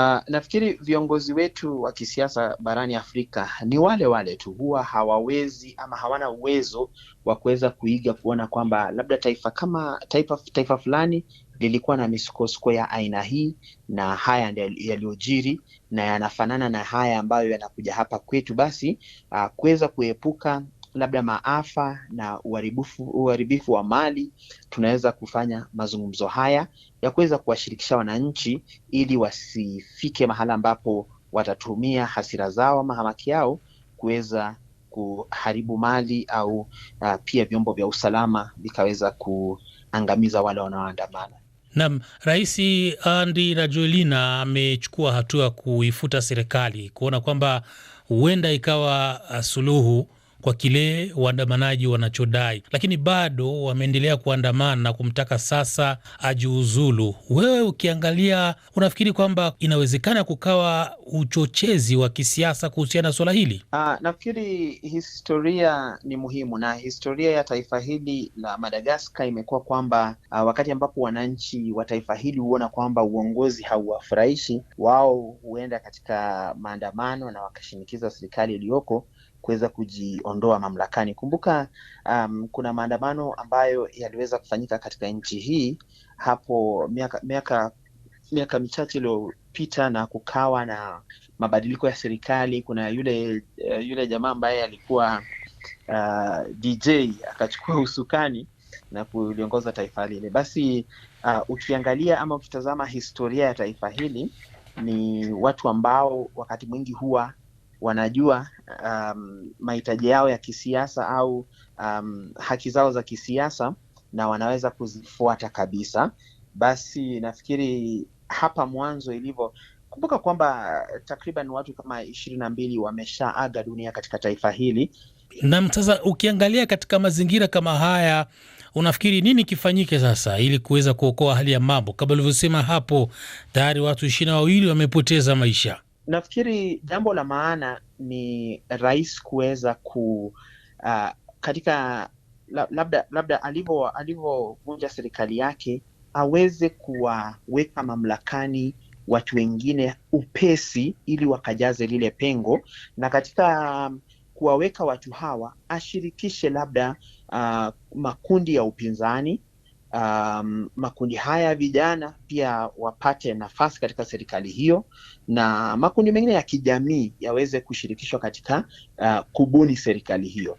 Uh, nafikiri viongozi wetu wa kisiasa barani Afrika ni wale wale tu, huwa hawawezi ama hawana uwezo wa kuweza kuiga kuona kwamba labda taifa kama taifa, taifa fulani lilikuwa na misukosuko ya aina hii na haya ndio yaliyojiri na yanafanana na haya ambayo yanakuja hapa kwetu, basi uh, kuweza kuepuka labda maafa na uharibifu uharibifu wa mali, tunaweza kufanya mazungumzo haya ya kuweza kuwashirikisha wananchi ili wasifike mahala ambapo watatumia hasira zao ama hamaki yao kuweza kuharibu mali au uh, pia vyombo vya usalama vikaweza kuangamiza wale wanaoandamana. Naam, Rais Andry Rajoelina amechukua hatua kuifuta serikali kuona kwamba huenda ikawa uh, suluhu kwa kile waandamanaji wanachodai, lakini bado wameendelea kuandamana na kumtaka sasa ajiuzulu. Wewe ukiangalia, unafikiri kwamba inawezekana kukawa uchochezi wa kisiasa kuhusiana na suala hili? Uh, nafikiri historia ni muhimu na historia ya taifa hili la Madagaskar imekuwa kwamba uh, wakati ambapo wananchi wa taifa hili huona kwamba uongozi hauwafurahishi wao huenda katika maandamano na wakashinikiza serikali iliyoko kuweza kujiondoa mamlakani. Kumbuka um, kuna maandamano ambayo yaliweza kufanyika katika nchi hii hapo miaka miaka miaka michache iliyopita na kukawa na mabadiliko ya serikali. Kuna yule eh, yule jamaa ambaye alikuwa uh, DJ akachukua usukani na kuliongoza taifa lile. Basi uh, ukiangalia ama ukitazama historia ya taifa hili ni watu ambao wakati mwingi huwa wanajua um, mahitaji yao ya kisiasa au um, haki zao za kisiasa na wanaweza kuzifuata kabisa. Basi nafikiri hapa mwanzo ilivyo, kumbuka kwamba takriban watu kama ishirini na mbili wameshaaga dunia katika taifa hili. Nam, sasa ukiangalia katika mazingira kama haya, unafikiri nini kifanyike sasa ili kuweza kuokoa hali ya mambo? Kama ulivyosema hapo, tayari watu ishirini na wawili wamepoteza maisha nafikiri jambo la maana ni rais kuweza ku uh, katika labda labda alivyovunja serikali yake aweze kuwaweka mamlakani watu wengine upesi ili wakajaze lile pengo, na katika um, kuwaweka watu hawa ashirikishe labda uh, makundi ya upinzani um, makundi haya ya vijana pia wapate nafasi katika serikali hiyo na makundi mengine ya kijamii yaweze kushirikishwa katika uh, kubuni serikali hiyo.